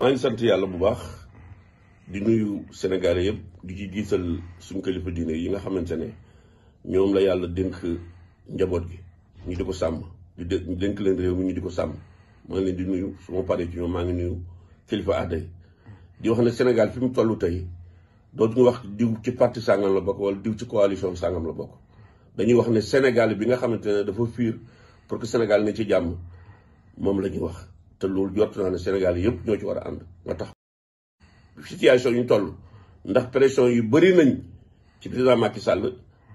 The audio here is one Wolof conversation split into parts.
maa ngi sant yàlla bu baax di nuyu Sénégalais yëpp di ci gisal suñu kilifa diine yi nga xamante ne ñoom la yàlla dénk njaboot gi ñu di ko sàmm di dénk leen réew mi ñu di ko sàmm maa ngi leen di nuyu suma ma ci ñoom maa ngi nuyu kilifa aada yi di wax ne Sénégal fi mu toll tey dootuñu wax diw ci parti sàngam la bokk wala diw ci coalition sàngam la bokk dañuy wax ne Sénégal bi nga xamante ne dafa fiir pour que Sénégal ne ci jàmm moom la wax. te loolu jot naa ne Sénégal yëpp ñoo ci war a ànd nga tax situation yi ñu toll ndax pression yu bëri nañ ci président Macky Sall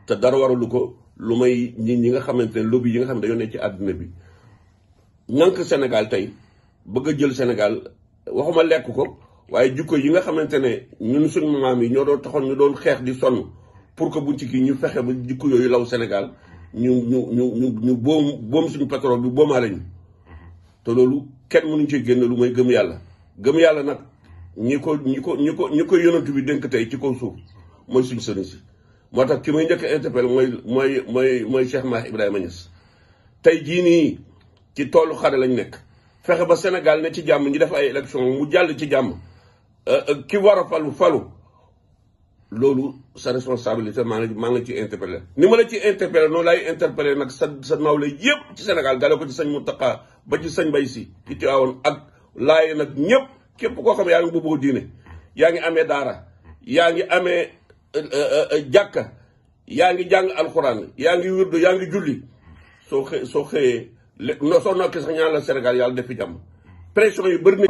te dara waralu ko lu may ñi ñi nga xamante ne lobby yi nga xam ne dañoo ne ci àdduna bi ñànk Sénégal tey bëgg a jël Sénégal waxuma lekk ko waaye jukko yi nga xamante ne ñun suñu maam yi ñoo doon taxoon ñu doon xeex di sonn pour que buñ ci kii ñu fexe ba jukko yooyu law Sénégal ñu ñu ñu ñu ñu boom boom suñu pétrole bi boomaa lañu te loolu kenn mënuñu ci génn lu may gëm yàlla gëm yàlla nag ñi ko ñi ko ñi ko ñi ko yonent bi dénk tey ci kaw suuf mooy suñu sëriñ si moo tax ki may njëkk interpelle mooy mooy mooy mooy Cheikh Mahi Ibrahima Niass tey jii nii ci toolu xare lañ nekk fexe ba Sénégal ne ci jàmm ñi def ay élection mu jàll ci jàmm euh, euh, ki war a falu falu loolu sa responsabilité maa ngi maa ngi ci interpellé ni ma la ci interpellé noonu laay interpellé nag sa sa nawle yëpp ci Sénégal dale ko ci mu Mountakha ba sañ sëñ bay si ci Tiwaawoon ak laaye nag ñëpp képp koo xam ne yaa ngi bu bëgg diine yaa ngi amee daara yaa ngi amee euh, euh, euh, jàkka yaa ngi jàng alxuraan yaa ngi wirdu yaa ngi julli soo xë soo xëyee soo nokki sax ñaan la Sénégal yàlla def fi jàmm pression yi bëri